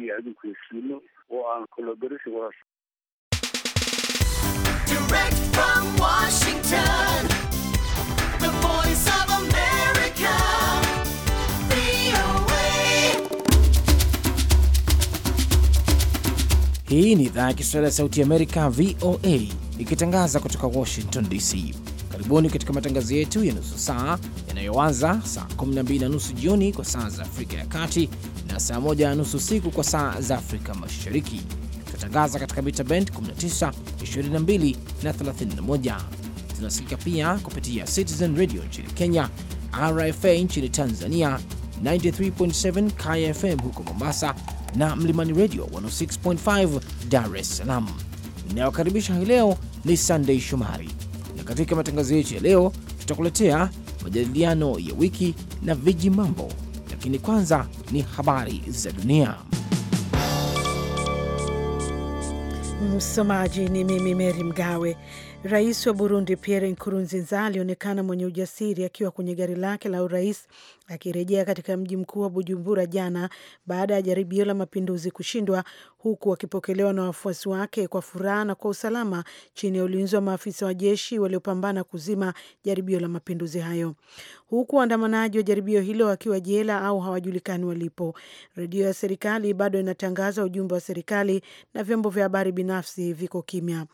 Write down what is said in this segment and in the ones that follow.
iyo idinku heshiino oo aan wada Hii ni idhaa ya Kiswahili ya Sauti Amerika, VOA, ikitangaza kutoka Washington DC. Karibuni katika matangazo yetu ya nusu saa yanayoanza saa 12 na nusu jioni kwa saa za Afrika ya Kati na saa 1 na nusu usiku kwa saa za Afrika Mashariki. Tunatangaza katika mita bend 19, 22 na 31. Tunasikika pia kupitia Citizen Radio nchini Kenya, RFA nchini Tanzania, 93.7 KFM huko Mombasa na Mlimani Radio 106.5 Dar es Salaam. Inayokaribisha hii leo ni Sunday Shumari katika matangazo yetu ya leo, tutakuletea majadiliano ya wiki na viji mambo, lakini kwanza ni habari za dunia. Msomaji ni mimi Meri Mgawe. Rais wa Burundi Pierre Nkurunziza alionekana mwenye ujasiri akiwa kwenye gari lake la urais akirejea katika mji mkuu wa Bujumbura jana baada ya jaribio la mapinduzi kushindwa, huku akipokelewa na wafuasi wake kwa furaha na kwa usalama chini ya ulinzi wa maafisa wa jeshi waliopambana kuzima jaribio la mapinduzi hayo, huku waandamanaji wa jaribio hilo wakiwa jela au hawajulikani walipo. Redio ya serikali bado inatangaza ujumbe wa serikali na vyombo vya habari binafsi viko kimya.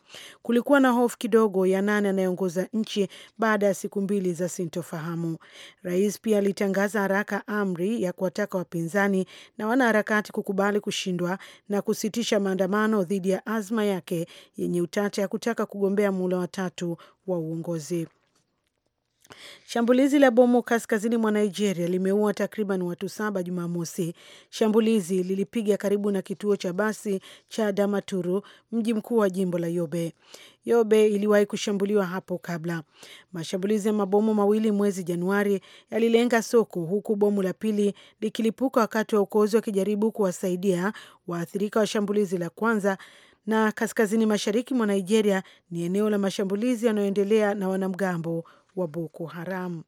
Kulikuwa na hofu madogo ya nane anayeongoza nchi baada ya siku mbili za sintofahamu. Rais pia alitangaza haraka amri ya kuwataka wapinzani na wanaharakati kukubali kushindwa na kusitisha maandamano dhidi ya azma yake yenye utata ya kutaka kugombea muhula watatu wa uongozi. Shambulizi la bomu kaskazini mwa Nigeria limeua takriban watu saba Jumamosi. Shambulizi lilipiga karibu na kituo cha basi cha Damaturu, mji mkuu wa jimbo la Yobe. Yobe iliwahi kushambuliwa hapo kabla. Mashambulizi ya mabomu mawili mwezi Januari yalilenga soko, huku bomu la pili likilipuka wakati wa waokozi wakijaribu kuwasaidia waathirika wa shambulizi la kwanza. Na kaskazini mashariki mwa Nigeria ni eneo la mashambulizi yanayoendelea na wanamgambo wa Boko Haram.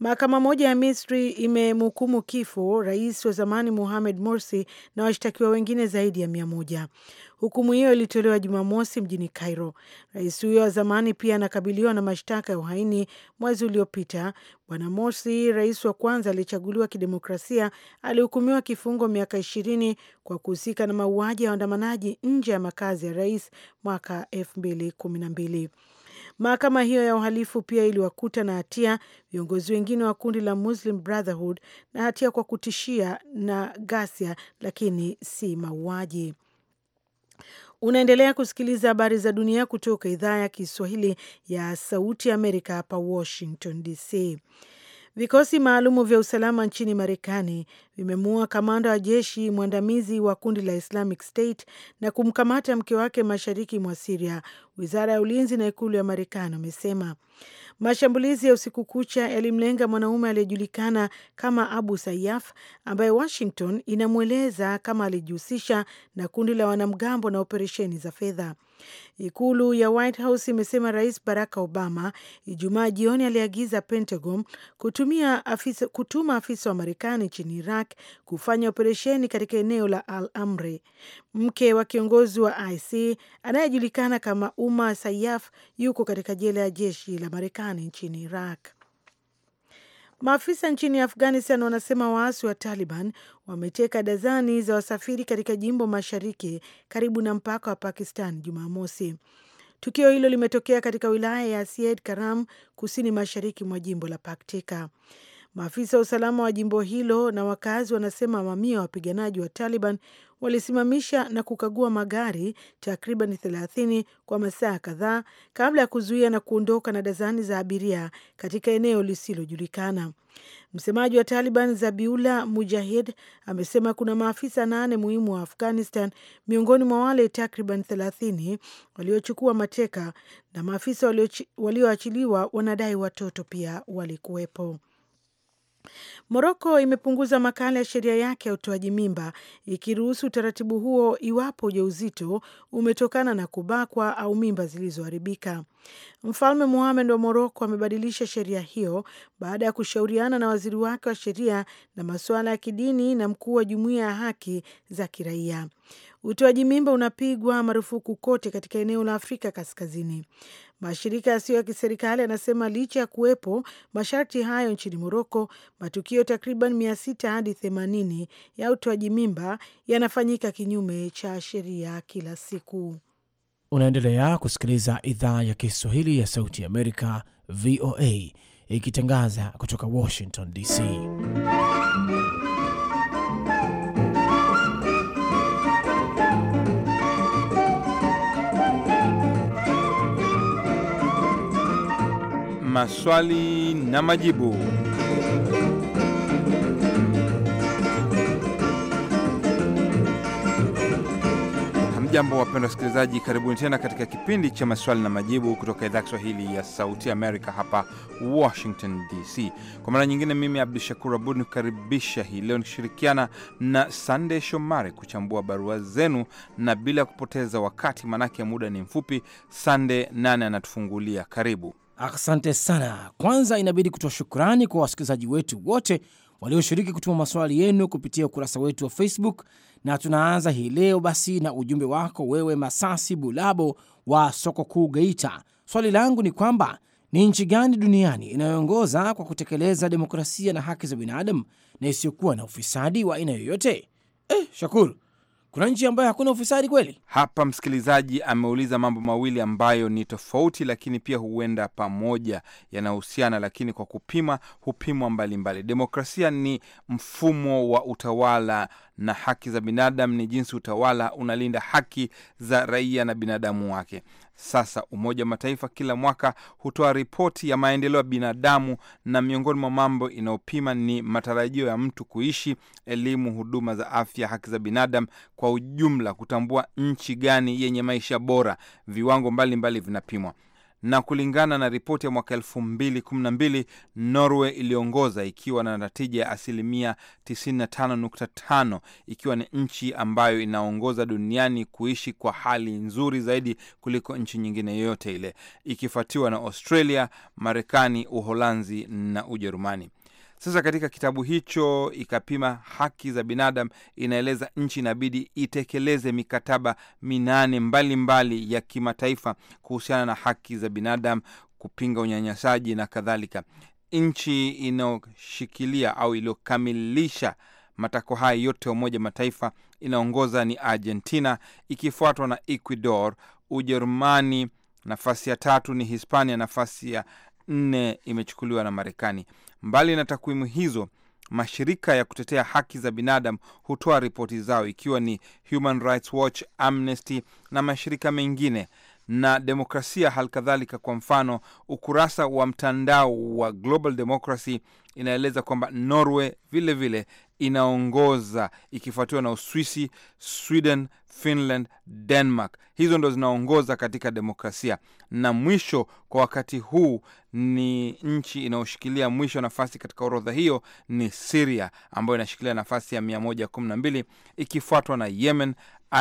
Mahakama moja ya Misri imemhukumu kifo rais wa zamani Mohamed Morsi na washtakiwa wengine zaidi ya mia moja. Hukumu hiyo ilitolewa Jumamosi mjini Cairo. Rais huyo wa zamani pia anakabiliwa na mashtaka ya uhaini. Mwezi uliopita, Bwana Morsi, rais wa kwanza aliyechaguliwa kidemokrasia, alihukumiwa kifungo miaka ishirini kwa kuhusika na mauaji ya waandamanaji nje ya makazi ya rais mwaka elfu mbili kumi na mbili. Mahakama hiyo ya uhalifu pia iliwakuta na hatia viongozi wengine wa kundi la Muslim Brotherhood na hatia kwa kutishia na ghasia, lakini si mauaji. Unaendelea kusikiliza habari za dunia kutoka idhaa ya Kiswahili ya Sauti ya Amerika hapa Washington DC. Vikosi maalumu vya usalama nchini Marekani vimemuua kamanda wa jeshi mwandamizi wa kundi la Islamic State na kumkamata mke wake mashariki mwa Siria. Wizara ya ulinzi na ikulu ya Marekani wamesema Mashambulizi ya usiku kucha yalimlenga mwanaume aliyejulikana kama Abu Sayyaf ambaye Washington inamweleza kama alijihusisha na kundi la wanamgambo na operesheni za fedha. Ikulu ya White House imesema Rais Barack Obama Ijumaa jioni aliagiza Pentagon kutumia afisa, kutuma afisa wa Marekani nchini Iraq kufanya operesheni katika eneo la Al Amre. Mke wa kiongozi wa IC anayejulikana kama Uma Sayaf yuko katika jela ya jeshi la Marekani. Marekani nchini Iraq. Maafisa nchini Afghanistan wanasema waasi wa Taliban wameteka dazani za wasafiri katika jimbo mashariki karibu na mpaka wa Pakistan Jumamosi. Tukio hilo limetokea katika wilaya ya Sied Karam, kusini mashariki mwa jimbo la Paktika. Maafisa wa usalama wa jimbo hilo na wakazi wanasema mamia wa wapiganaji wa Taliban walisimamisha na kukagua magari takriban thelathini kwa masaa kadhaa kabla ya kuzuia na kuondoka na dazani za abiria katika eneo lisilojulikana. Msemaji wa Taliban Zabiullah Mujahid amesema kuna maafisa nane muhimu wa Afghanistan miongoni mwa wale takriban thelathini waliochukua mateka na maafisa walioachiliwa wanadai watoto pia walikuwepo. Moroko imepunguza makala ya sheria yake ya utoaji mimba ikiruhusu utaratibu huo iwapo ujauzito umetokana na kubakwa au mimba zilizoharibika. Mfalme Mohamed wa Moroko amebadilisha sheria hiyo baada ya kushauriana na waziri wake wa sheria na masuala ya kidini na mkuu wa jumuiya ya haki za kiraia. Utoaji mimba unapigwa marufuku kote katika eneo la Afrika Kaskazini. Mashirika yasiyo ya kiserikali yanasema licha ya kuwepo masharti hayo nchini Moroko, matukio takriban mia sita hadi themanini ya utoaji mimba yanafanyika kinyume cha sheria kila siku. Unaendelea kusikiliza idhaa ya Kiswahili ya Sauti ya Amerika, VOA, ikitangaza kutoka Washington DC. maswali na majibu. Jambo wapendwa wasikilizaji, karibuni tena katika kipindi cha maswali na majibu kutoka idhaa Kiswahili ya Sauti Amerika hapa Washington DC. Kwa mara nyingine, mimi Abdu Shakur Abud nikukaribisha hii leo nikishirikiana na Sandey Shomari kuchambua barua zenu, na bila kupoteza wakati, maanake muda ni mfupi, sandey nane anatufungulia. Karibu. Asante sana. Kwanza inabidi kutoa shukrani kwa wasikilizaji wetu wote walioshiriki kutuma maswali yenu kupitia ukurasa wetu wa Facebook, na tunaanza hii leo basi na ujumbe wako wewe, Masasi Bulabo wa soko kuu Geita. Swali langu ni kwamba ni nchi gani duniani inayoongoza kwa kutekeleza demokrasia na haki za binadamu na isiyokuwa na ufisadi wa aina yoyote? Eh, Shakuru, kuna nchi ambayo hakuna ufisadi kweli? Hapa msikilizaji ameuliza mambo mawili ambayo ni tofauti, lakini pia huenda pamoja, yanahusiana, lakini kwa kupima hupimwa mbalimbali. Demokrasia ni mfumo wa utawala na haki za binadamu ni jinsi utawala unalinda haki za raia na binadamu wake. Sasa Umoja wa Mataifa kila mwaka hutoa ripoti ya maendeleo ya binadamu, na miongoni mwa mambo inayopima ni matarajio ya mtu kuishi, elimu, huduma za afya, haki za binadamu kwa ujumla, kutambua nchi gani yenye maisha bora. Viwango mbalimbali mbali vinapimwa na kulingana na ripoti ya mwaka elfu mbili Norway iliongoza ikiwa na natija ya asilimia 95.5, ikiwa ni nchi ambayo inaongoza duniani kuishi kwa hali nzuri zaidi kuliko nchi nyingine yoyote ile, ikifuatiwa na Australia, Marekani, Uholanzi na Ujerumani. Sasa katika kitabu hicho ikapima haki za binadamu, inaeleza nchi inabidi itekeleze mikataba minane mbalimbali mbali ya kimataifa kuhusiana na haki za binadamu, kupinga unyanyasaji na kadhalika. Nchi inayoshikilia au iliyokamilisha matakwa haya yote ya Umoja Mataifa inaongoza ni Argentina, ikifuatwa na Ecuador, Ujerumani nafasi ya tatu ni Hispania, nafasi ya nne imechukuliwa na Marekani. Mbali na takwimu hizo, mashirika ya kutetea haki za binadamu hutoa ripoti zao, ikiwa ni Human Rights Watch, Amnesty na mashirika mengine na demokrasia halikadhalika. Kwa mfano, ukurasa wa mtandao wa Global Democracy inaeleza kwamba Norway vilevile inaongoza ikifuatiwa na Uswisi, Sweden, Finland, Denmark. Hizo ndo zinaongoza katika demokrasia. Na mwisho kwa wakati huu ni nchi inayoshikilia mwisho nafasi katika orodha hiyo ni siria ambayo inashikilia nafasi ya 112 ikifuatwa na Yemen,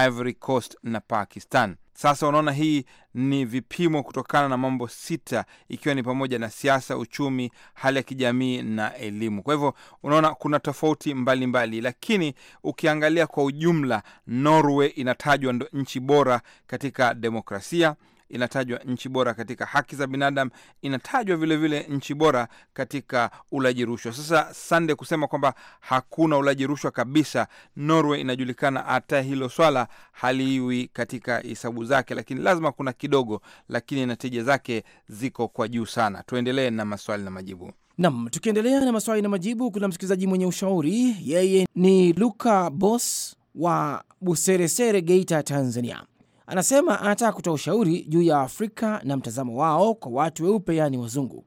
Ivory Coast na Pakistan. Sasa unaona, hii ni vipimo kutokana na mambo sita, ikiwa ni pamoja na siasa, uchumi, hali ya kijamii na elimu. Kwa hivyo unaona kuna tofauti mbalimbali mbali. Lakini ukiangalia kwa ujumla, Norway inatajwa ndo nchi bora katika demokrasia inatajwa nchi bora katika haki za binadamu, inatajwa vilevile nchi bora katika ulaji rushwa. Sasa Sande, kusema kwamba hakuna ulaji rushwa kabisa, Norway inajulikana, hata hilo swala haliwi katika hesabu zake, lakini lazima kuna kidogo, lakini natija zake ziko kwa juu sana. Tuendelee na maswali na majibu. Nam, tukiendelea na maswali na majibu, kuna msikilizaji mwenye ushauri. Yeye ni Luka Bos wa Buseresere, Geita, Tanzania. Anasema anataka kutoa ushauri juu ya afrika na mtazamo wao kwa watu weupe, yaani wazungu.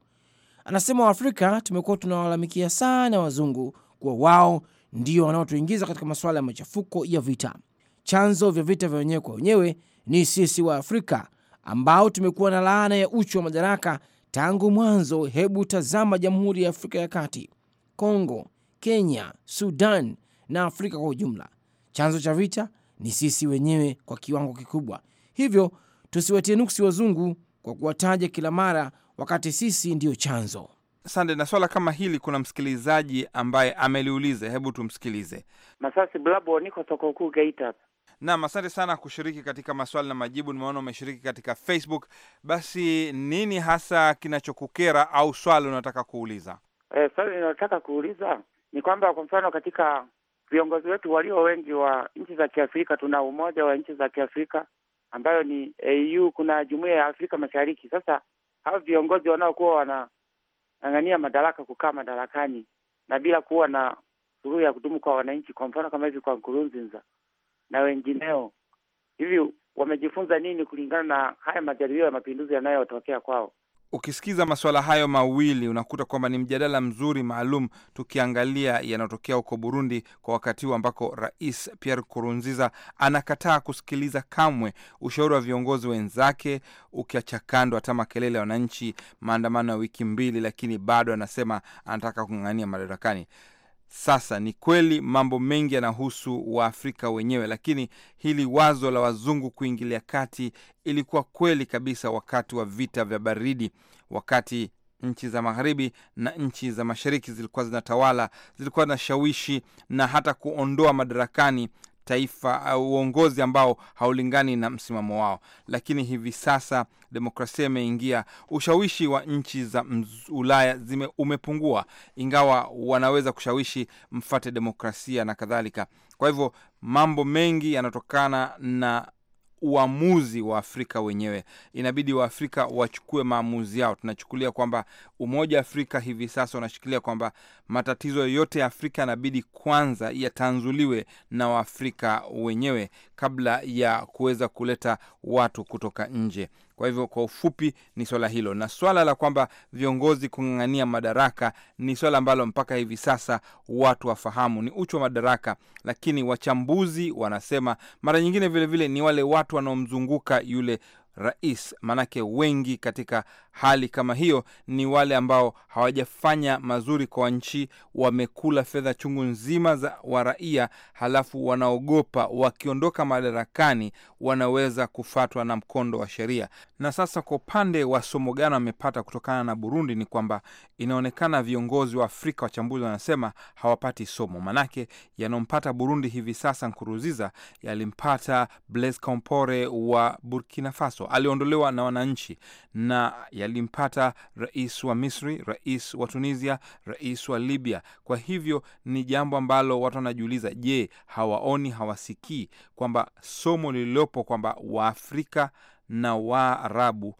Anasema Waafrika tumekuwa tunawalalamikia sana wazungu kuwa wao ndio wanaotuingiza katika masuala ya machafuko ya vita. Chanzo vya vita vya wenyewe kwa wenyewe ni sisi wa Afrika ambao tumekuwa na laana ya uchu wa madaraka tangu mwanzo. Hebu tazama Jamhuri ya Afrika ya Kati, Kongo, Kenya, Sudan na Afrika kwa ujumla. Chanzo cha vita ni sisi wenyewe kwa kiwango kikubwa. Hivyo tusiwatie nuksi wazungu kwa kuwataja kila mara, wakati sisi ndiyo chanzo. Sande, na swala kama hili kuna msikilizaji ambaye ameliuliza, hebu tumsikilize. Masasi Blabo, niko soko kuu Geita. Naam, asante sana kushiriki katika maswali na majibu. Nimeona umeshiriki katika Facebook. Basi nini hasa kinachokukera au swali unataka kuuliza? E, swali linalotaka kuuliza ni kwamba kwa mfano katika viongozi wetu walio wengi wa nchi za Kiafrika, tuna umoja wa nchi za Kiafrika ambayo ni AU, kuna jumuiya ya Afrika Mashariki. Sasa hao viongozi wanaokuwa wanang'ang'ania madaraka, kukaa madarakani na bila kuwa na suluhu ya kudumu kwa wananchi, kwa mfano kama hivi kwa Nkurunziza na wengineo hivi, wamejifunza nini kulingana na haya majaribio ya mapinduzi yanayotokea kwao? ukisikiza masuala hayo mawili unakuta kwamba ni mjadala mzuri maalum, tukiangalia yanayotokea huko Burundi kwa wakati huu ambako Rais Pierre Kurunziza anakataa kusikiliza kamwe ushauri wa viongozi wenzake, ukiacha kando hata makelele ya wananchi, maandamano ya wiki mbili, lakini bado anasema anataka kung'ang'ania madarakani. Sasa ni kweli mambo mengi yanahusu Waafrika wenyewe, lakini hili wazo la wazungu kuingilia kati ilikuwa kweli kabisa wakati wa vita vya baridi, wakati nchi za magharibi na nchi za mashariki zilikuwa zinatawala, zilikuwa shawishi na hata kuondoa madarakani taifa uh, uongozi ambao haulingani na msimamo wao. Lakini hivi sasa demokrasia imeingia, ushawishi wa nchi za Ulaya zime, umepungua, ingawa wanaweza kushawishi mfate demokrasia na kadhalika. Kwa hivyo mambo mengi yanatokana na uamuzi wa Afrika wenyewe. Inabidi Waafrika wachukue maamuzi yao. Tunachukulia kwamba Umoja wa Afrika hivi sasa unashikilia kwamba matatizo yote ya Afrika yanabidi kwanza yatanzuliwe na Waafrika wenyewe kabla ya kuweza kuleta watu kutoka nje. Kwa hivyo kwa ufupi ni swala hilo, na swala la kwamba viongozi kung'ang'ania madaraka ni swala ambalo mpaka hivi sasa watu wafahamu ni uchu wa madaraka, lakini wachambuzi wanasema mara nyingine vilevile vile ni wale watu wanaomzunguka yule rais, maanake wengi katika hali kama hiyo ni wale ambao hawajafanya mazuri kwa nchi, wamekula fedha chungu nzima za waraia halafu wanaogopa wakiondoka madarakani wanaweza kufatwa na mkondo wa sheria. Na sasa kwa upande wa somo gani wamepata kutokana na Burundi ni kwamba inaonekana viongozi wa Afrika, wachambuzi wanasema hawapati somo, manake yanaompata Burundi hivi sasa Nkuruziza yalimpata Blaise Compaore wa Burkina Faso, aliondolewa na wananchi na yalimpata rais wa Misri, rais wa Tunisia, rais wa Libya. Kwa hivyo ni jambo ambalo watu wanajiuliza, je, hawaoni, hawasikii kwamba somo lililopo kwamba Waafrika na Waarabu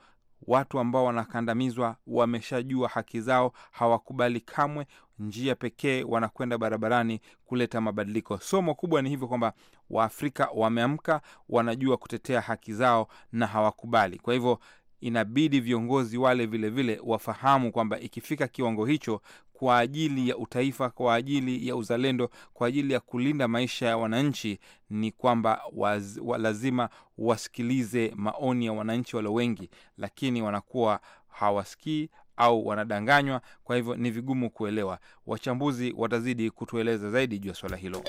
watu ambao wanakandamizwa wameshajua haki zao, hawakubali kamwe. Njia pekee wanakwenda barabarani kuleta mabadiliko. Somo kubwa ni hivyo kwamba Waafrika wameamka, wanajua kutetea haki zao na hawakubali. Kwa hivyo inabidi viongozi wale vilevile vile wafahamu kwamba ikifika kiwango hicho, kwa ajili ya utaifa, kwa ajili ya uzalendo, kwa ajili ya kulinda maisha ya wananchi, ni kwamba waz, wa lazima wasikilize maoni ya wananchi walio wengi, lakini wanakuwa hawasikii au wanadanganywa. Kwa hivyo ni vigumu kuelewa. Wachambuzi watazidi kutueleza zaidi juu ya swala hilo.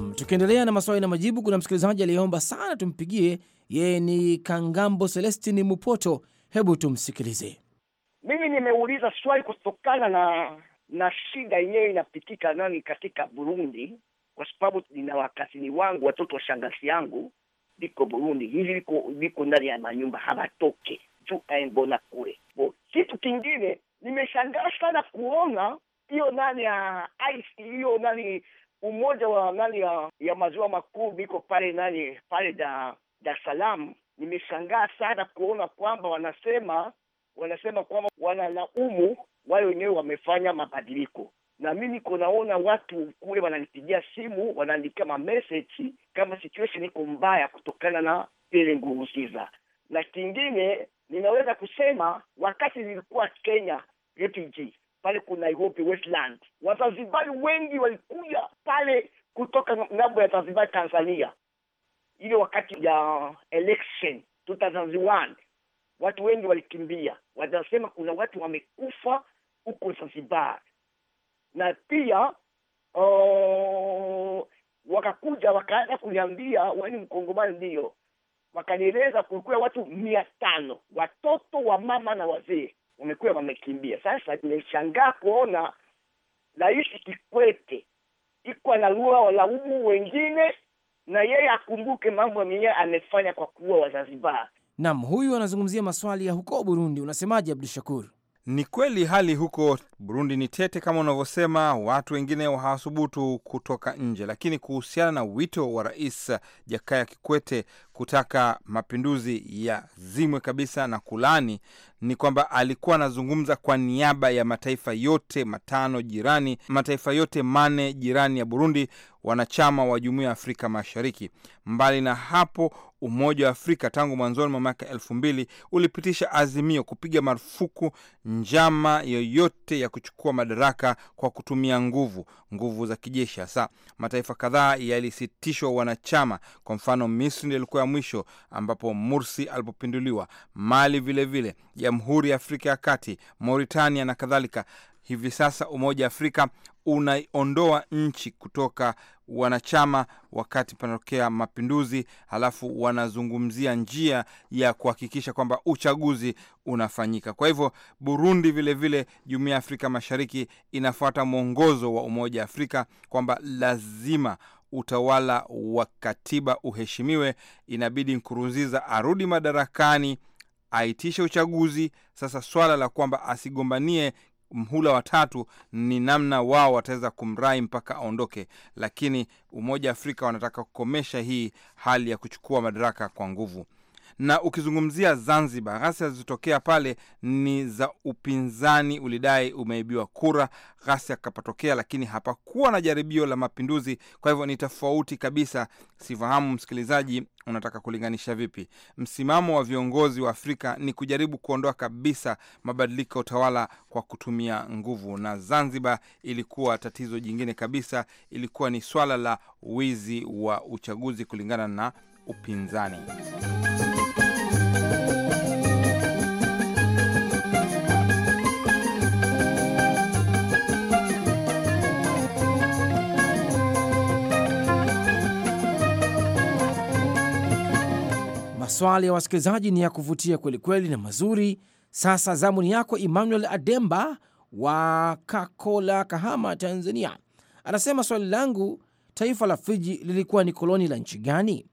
Naam, tukiendelea na maswali na majibu, kuna msikilizaji aliyeomba sana tumpigie. Yeye ni Kangambo Celestini Mupoto, hebu tumsikilize. Mimi nimeuliza swali kutokana na na shida yenyewe inapitika nani katika Burundi, kwa sababu nina wakazini wangu watoto wa shangazi yangu liko Burundi hivi, liko liko ndani ya manyumba hawatoke juu aembona kule. Kitu kingine nimeshangaa sana kuona hiyo nani ya hiyo nani umoja wa nani ya, ya maziwa makuu miko pale nani pale Dar es Salaam, nimeshangaa sana kuona kwamba wanasema wanasema kwamba wanalaumu wale wenyewe wamefanya mabadiliko, na mi niko naona watu kule wananipigia simu wanaandikia mameseji kama situation iko mbaya kutokana na ile Nkurunziza. Na kingine ninaweza kusema wakati nilikuwa Kenya refugee pale kuna Nairobi Westland. Wazanzibari wengi walikuja pale kutoka ngambo ya Zanzibar, Tanzania, ile wakati ya election 2001 watu wengi walikimbia, wanasema kuna watu wamekufa huko Zanzibar, na pia o, oh, wakakuja wakaanza kuniambia wani mkongomani ndio, wakanieleza kulikuwa watu mia tano watoto wa mama na wazee wamekuwa wamekimbia. Sasa nimeshangaa kuona Rais Kikwete iko analua walaumu wengine na yeye akumbuke mambo yenyewe amefanya kwa kuwa Wazanzibar. Naam, huyu anazungumzia maswali ya huko Burundi. Unasemaje Abdu Shakur? Ni kweli hali huko Burundi ni tete kama unavyosema, watu wengine hawathubutu kutoka nje. Lakini kuhusiana na wito wa Rais Jakaya Kikwete kutaka mapinduzi yazimwe kabisa na kulani ni kwamba alikuwa anazungumza kwa niaba ya mataifa yote matano jirani, mataifa yote mane jirani ya Burundi, wanachama wa jumuiya ya Afrika Mashariki. Mbali na hapo, Umoja wa Afrika tangu mwanzoni mwa mwaka elfu mbili ulipitisha azimio kupiga marufuku njama yoyote ya kuchukua madaraka kwa kutumia nguvu, nguvu za kijeshi hasa. Mataifa kadhaa yalisitishwa wanachama. Kwa mfano, Misri ndio ilikuwa ya mwisho ambapo Mursi alipopinduliwa, Mali vilevile vile. Jamhuri ya Afrika ya Kati, Mauritania na kadhalika. Hivi sasa Umoja wa Afrika unaondoa nchi kutoka wanachama wakati panatokea mapinduzi, halafu wanazungumzia njia ya kuhakikisha kwamba uchaguzi unafanyika. Kwa hivyo, Burundi vilevile, Jumuiya ya Afrika Mashariki inafuata mwongozo wa Umoja wa Afrika kwamba lazima utawala wa katiba uheshimiwe. Inabidi Nkurunziza arudi madarakani aitishe uchaguzi. Sasa swala la kwamba asigombanie mhula watatu ni namna wao wataweza kumrai mpaka aondoke, lakini Umoja wa Afrika wanataka kukomesha hii hali ya kuchukua madaraka kwa nguvu. Na ukizungumzia Zanzibar, ghasia zilizotokea pale ni za upinzani, ulidai umeibiwa kura, ghasia kapatokea, lakini hapakuwa na jaribio la mapinduzi. Kwa hivyo ni tofauti kabisa. Sifahamu msikilizaji unataka kulinganisha vipi? Msimamo wa viongozi wa Afrika ni kujaribu kuondoa kabisa mabadiliko ya utawala kwa kutumia nguvu, na Zanzibar ilikuwa tatizo jingine kabisa. Ilikuwa ni swala la wizi wa uchaguzi kulingana na upinzani. Maswali ya wasikilizaji ni ya kuvutia kwelikweli na mazuri. Sasa zamu ni yako Emmanuel Ademba wa Kakola, Kahama, Tanzania. Anasema swali langu, taifa la Fiji lilikuwa ni koloni la nchi gani?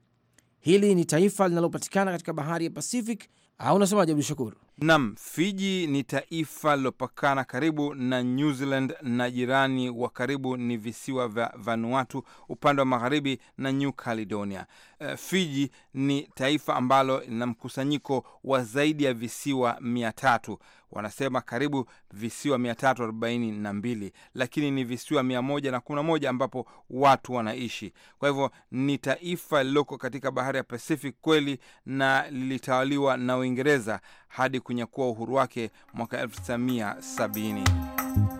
hili ni taifa linalopatikana katika bahari ya Pacific au unasemaje, Abdu Shakur? Nam, Fiji ni taifa lilopakana karibu na New Zealand na jirani wa karibu ni visiwa vya Vanuatu upande wa magharibi na New Caledonia. Eh, Fiji ni taifa ambalo lina mkusanyiko wa zaidi ya visiwa mia tatu wanasema karibu visiwa 342 lakini ni visiwa 111 ambapo watu wanaishi. Kwa hivyo ni taifa lililoko katika bahari ya Pacific kweli, na lilitawaliwa na Uingereza hadi kunyakua uhuru wake mwaka 1970.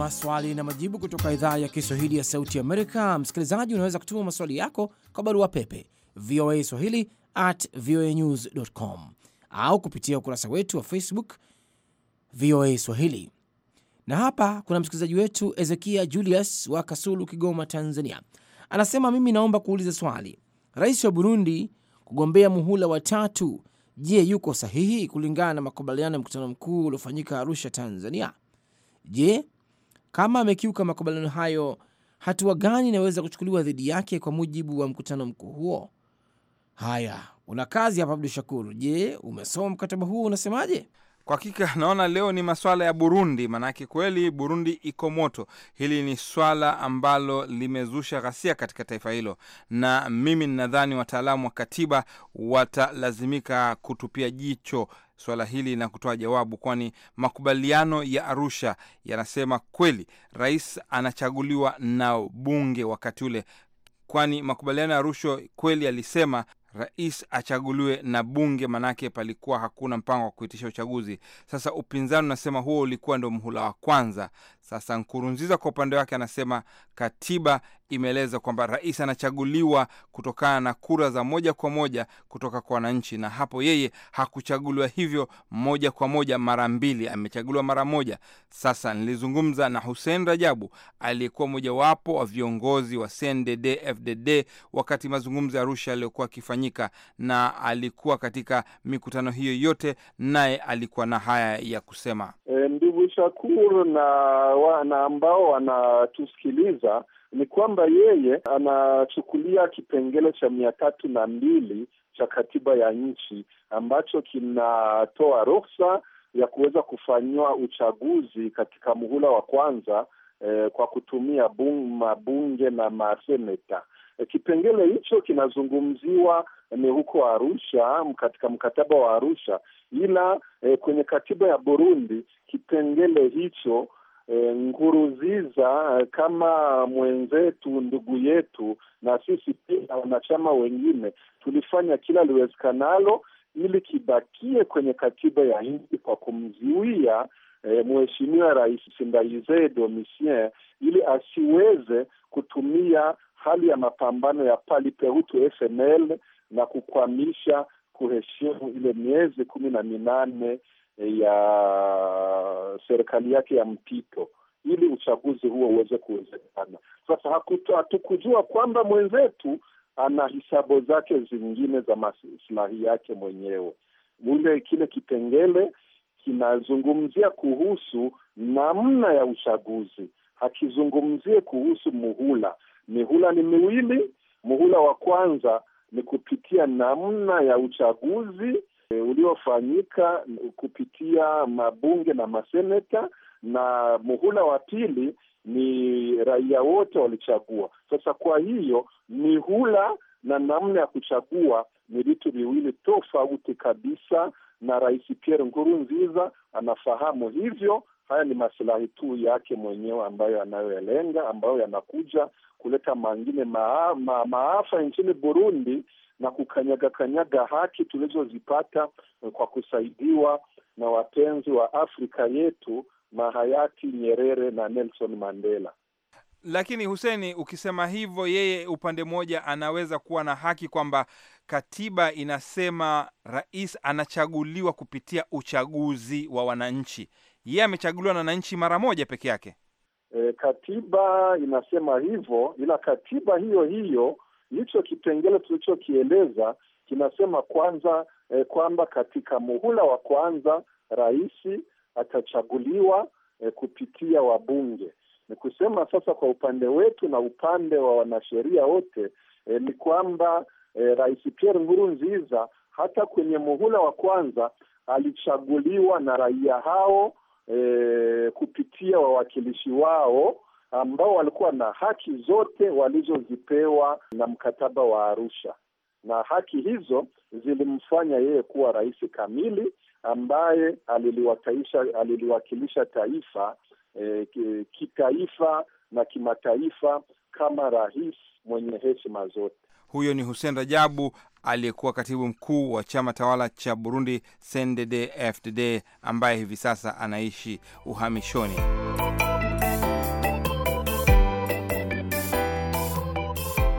maswali na majibu kutoka idhaa ya Kiswahili ya Sauti Amerika. Msikilizaji, unaweza kutuma maswali yako kwa barua pepe VOA Swahili at com au kupitia ukurasa wetu wa Facebook VOA Swahili. Na hapa kuna msikilizaji wetu Ezekia Julius wa Kasulu, Kigoma, Tanzania, anasema mimi naomba kuuliza swali, rais wa Burundi kugombea muhula wa tatu, je, yuko sahihi kulingana na makubaliano ya mkutano mkuu uliofanyika Arusha, Tanzania? Je, kama amekiuka makubaliano hayo, hatua gani inaweza kuchukuliwa dhidi yake kwa mujibu wa mkutano mkuu huo? Haya, una kazi hapa Abdu Shakur. Je, umesoma mkataba huo, unasemaje? Kwa hakika naona leo ni maswala ya Burundi, maanake kweli Burundi iko moto. Hili ni swala ambalo limezusha ghasia katika taifa hilo, na mimi ninadhani wataalamu wa katiba watalazimika kutupia jicho suala hili na kutoa jawabu, kwani makubaliano ya Arusha yanasema kweli rais anachaguliwa na bunge wakati ule, kwani makubaliano ya Arusha kweli yalisema rais achaguliwe na bunge, manake palikuwa hakuna mpango wa kuitisha uchaguzi. Sasa upinzani unasema huo ulikuwa ndo mhula wa kwanza. Sasa Nkurunziza kwa upande wake anasema katiba imeeleza kwamba rais anachaguliwa kutokana na kura za moja kwa moja kutoka kwa wananchi, na hapo yeye hakuchaguliwa hivyo moja kwa moja mara mbili, amechaguliwa mara moja. Sasa nilizungumza na Hussein Rajabu aliyekuwa mojawapo wa viongozi wa CNDD FDD wakati mazungumzo ya Arusha yaliyokuwa akifanyika, na alikuwa katika mikutano hiyo yote, naye alikuwa na haya ya kusema. E, eh, Ndugu Shakur na wa, na ambao wanatusikiliza ni kwamba yeye anachukulia kipengele cha mia tatu na mbili cha katiba ya nchi ambacho kinatoa ruhusa ya kuweza kufanyiwa uchaguzi katika muhula wa kwanza eh, kwa kutumia bung, mabunge na maseneta. Eh, kipengele hicho kinazungumziwa eh, ni huko Arusha katika mkataba wa Arusha, ila eh, kwenye katiba ya Burundi kipengele hicho E, Nguruziza eh, kama mwenzetu, ndugu yetu, na sisi pia wanachama wengine tulifanya kila liwezekanalo ili kibakie kwenye katiba ya nchi kwa kumzuia e, mheshimiwa Rais Ndayizeye Domitien ili asiweze kutumia hali ya mapambano ya pali peutu FNL na kukwamisha kuheshimu ile miezi kumi na minane ya serikali yake ya mpito ili uchaguzi huo uweze kuwezekana. Sasa hatukujua kwamba mwenzetu ana hisabu zake zingine za masilahi yake mwenyewe. Ule kile kipengele kinazungumzia kuhusu namna ya uchaguzi, hakizungumzie kuhusu muhula. Mihula ni miwili. Muhula wa kwanza ni kupitia namna ya uchaguzi Eh, uliofanyika kupitia mabunge na maseneta, na muhula wa pili ni raia wote walichagua. Sasa kwa hiyo mihula na namna ya kuchagua ni vitu viwili tofauti kabisa, na Rais Pierre Nkurunziza anafahamu hivyo, Haya ni masilahi tu yake mwenyewe ambayo anayoyalenga, ambayo yanakuja kuleta mangine maa, ma, maafa nchini Burundi na kukanyaga kanyaga haki tulizozipata kwa kusaidiwa na wapenzi wa Afrika yetu mahayati Nyerere na Nelson Mandela. Lakini Huseni, ukisema hivyo, yeye upande mmoja anaweza kuwa na haki kwamba katiba inasema rais anachaguliwa kupitia uchaguzi wa wananchi yeye amechaguliwa na wananchi mara moja peke yake. E, katiba inasema hivyo, ila katiba hiyo hiyo hicho kipengele tulichokieleza kinasema kwanza e, kwamba katika muhula wa kwanza rais atachaguliwa e, kupitia wabunge. Ni kusema sasa kwa upande wetu na upande wa wanasheria wote e, ni kwamba e, rais Pierre Nkurunziza hata kwenye muhula wa kwanza alichaguliwa na raia hao e, kupitia wawakilishi wao ambao walikuwa na haki zote walizozipewa na mkataba wa Arusha, na haki hizo zilimfanya yeye kuwa rais kamili ambaye aliliwakilisha aliliwakilisha taifa e, kitaifa na kimataifa kama rais mwenye heshima zote. Huyo ni Hussein Rajabu aliyekuwa katibu mkuu wa chama tawala cha Burundi CNDD-FDD ambaye hivi sasa anaishi uhamishoni.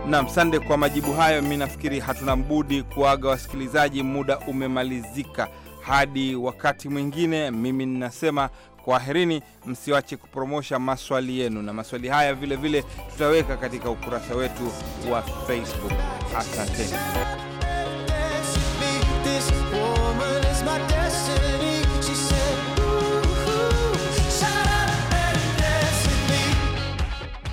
Nam, sande kwa majibu hayo. Mi nafikiri hatuna budi kuaga wasikilizaji, muda umemalizika. Hadi wakati mwingine, mimi ninasema kwaherini, msiwache kupromosha maswali yenu, na maswali haya vilevile vile tutaweka katika ukurasa wetu wa Facebook. Asanteni.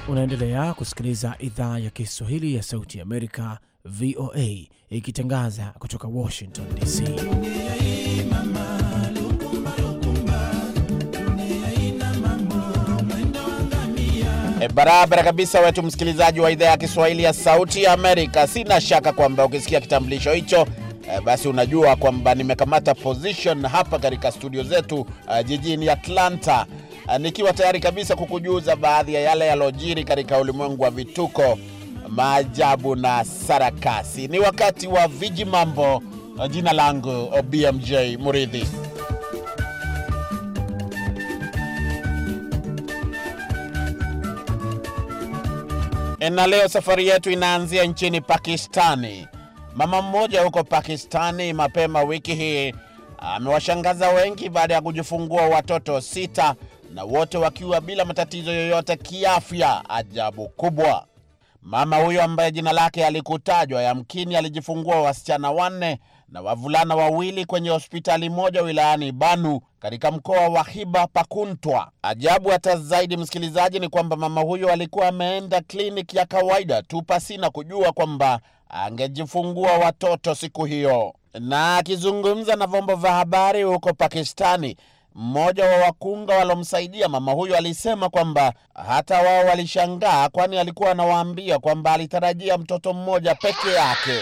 Unaendelea kusikiliza idhaa ya Kiswahili ya Sauti ya Amerika, VOA, ikitangaza kutoka Washington DC. barabara kabisa wetu msikilizaji wa idhaa ya Kiswahili ya Sauti ya Amerika. Sina shaka kwamba ukisikia kitambulisho hicho e, basi unajua kwamba nimekamata position hapa katika studio zetu uh, jijini Atlanta uh, nikiwa tayari kabisa kukujuza baadhi ya yale yalojiri katika ulimwengu wa vituko, maajabu na sarakasi. Ni wakati wa viji mambo. Jina langu BMJ Muridhi. Na leo safari yetu inaanzia nchini Pakistani. Mama mmoja huko Pakistani mapema wiki hii amewashangaza wengi baada ya kujifungua watoto sita na wote wakiwa bila matatizo yoyote kiafya. Ajabu kubwa! Mama huyo ambaye jina lake alikutajwa, yamkini alijifungua wasichana wanne na wavulana wawili kwenye hospitali moja wilayani Banu katika mkoa wa Hiba Pakuntwa. Ajabu hata zaidi, msikilizaji, ni kwamba mama huyo alikuwa ameenda kliniki ya kawaida tu pasina kujua kwamba angejifungua watoto siku hiyo. Na akizungumza na vyombo vya habari huko Pakistani, mmoja wa wakunga walomsaidia mama huyo alisema kwamba hata wao walishangaa, kwani alikuwa anawaambia kwamba alitarajia mtoto mmoja peke yake.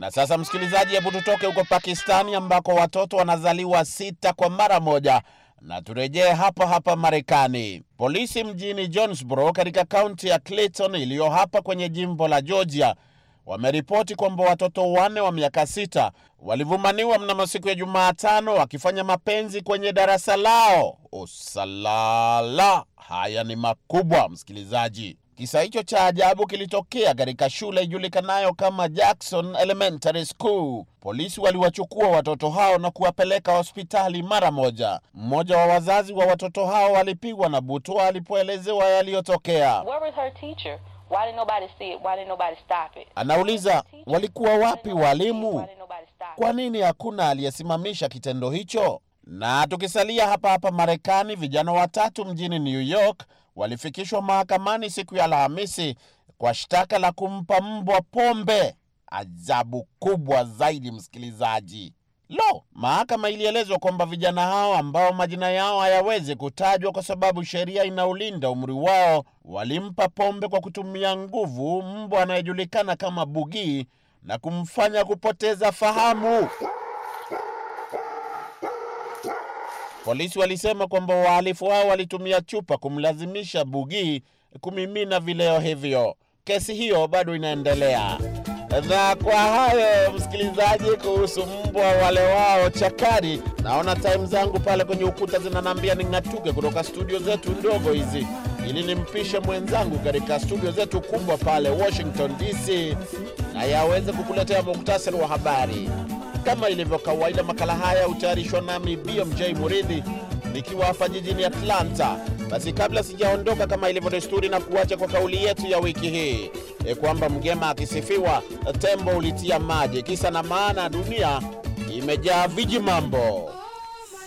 Na sasa msikilizaji, hebu tutoke huko Pakistani ambako watoto wanazaliwa sita kwa mara moja na turejee hapa hapa Marekani. Polisi mjini Jonesboro katika kaunti ya Clayton iliyo hapa kwenye jimbo la Georgia wameripoti kwamba watoto wanne wa miaka sita walivumaniwa mnamo siku ya Jumatano wakifanya mapenzi kwenye darasa lao. Usalala! Haya ni makubwa, msikilizaji. Kisa hicho cha ajabu kilitokea katika shule ijulikanayo kama Jackson Elementary School. Polisi waliwachukua watoto hao na kuwapeleka hospitali mara moja. Mmoja wa wazazi wa watoto hao walipigwa na butwa alipoelezewa yaliyotokea. Anauliza, walikuwa wapi walimu? Kwa nini hakuna aliyesimamisha kitendo hicho? Na tukisalia hapa hapa Marekani, vijana watatu mjini New York walifikishwa mahakamani siku ya Alhamisi kwa shtaka la kumpa mbwa pombe. Ajabu kubwa zaidi, msikilizaji. Lo, mahakama ilielezwa kwamba vijana hao ambao majina yao hayawezi kutajwa kwa sababu sheria inaulinda umri wao, walimpa pombe kwa kutumia nguvu mbwa anayejulikana kama Bugii na kumfanya kupoteza fahamu. Polisi walisema kwamba wahalifu hao walitumia chupa kumlazimisha Bugii kumimina vileo hivyo. Kesi hiyo bado inaendelea. Na kwa hayo msikilizaji, kuhusu mbwa wale wao chakari, naona time zangu pale kwenye ukuta zinanambia ning'atuke kutoka studio zetu ndogo hizi ili nimpishe mwenzangu katika studio zetu kubwa pale Washington DC, na yaweze kukuletea muktasari wa habari. Kama ilivyo kawaida, makala haya hutayarishwa nami BMJ Muridhi nikiwa hapa jijini Atlanta. Basi kabla sijaondoka, kama ilivyo desturi, na kuacha kwa kauli yetu ya wiki hii e, kwamba mgema akisifiwa tembo ulitia maji. Kisa na maana, dunia imejaa viji mambo.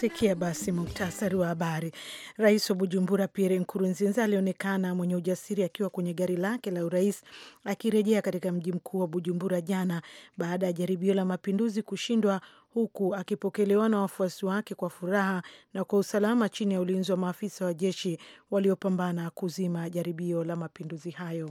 Sikia basi muktasari wa habari. Rais wa Bujumbura Pierre Nkurunziza alionekana mwenye ujasiri akiwa kwenye gari lake la urais akirejea katika mji mkuu wa Bujumbura jana baada ya jaribio la mapinduzi kushindwa huku akipokelewa na wafuasi wake kwa furaha na kwa usalama chini ya ulinzi wa maafisa wa jeshi waliopambana kuzima jaribio la mapinduzi hayo.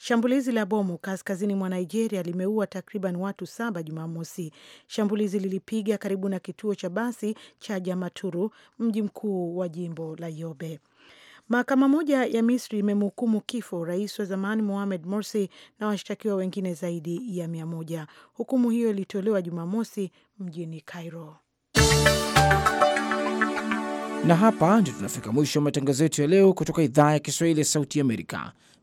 Shambulizi la bomu kaskazini mwa Nigeria limeua takriban watu saba Jumamosi. Shambulizi lilipiga karibu na kituo cha basi cha Jamaturu, mji mkuu wa jimbo la Yobe. Mahakama moja ya Misri imemhukumu kifo rais wa zamani Mohamed Morsi na washtakiwa wengine zaidi ya mia moja. Hukumu hiyo ilitolewa Jumamosi mjini Cairo. Na hapa ndio tunafika mwisho wa matangazo yetu ya leo kutoka idhaa ya Kiswahili ya Sauti Amerika.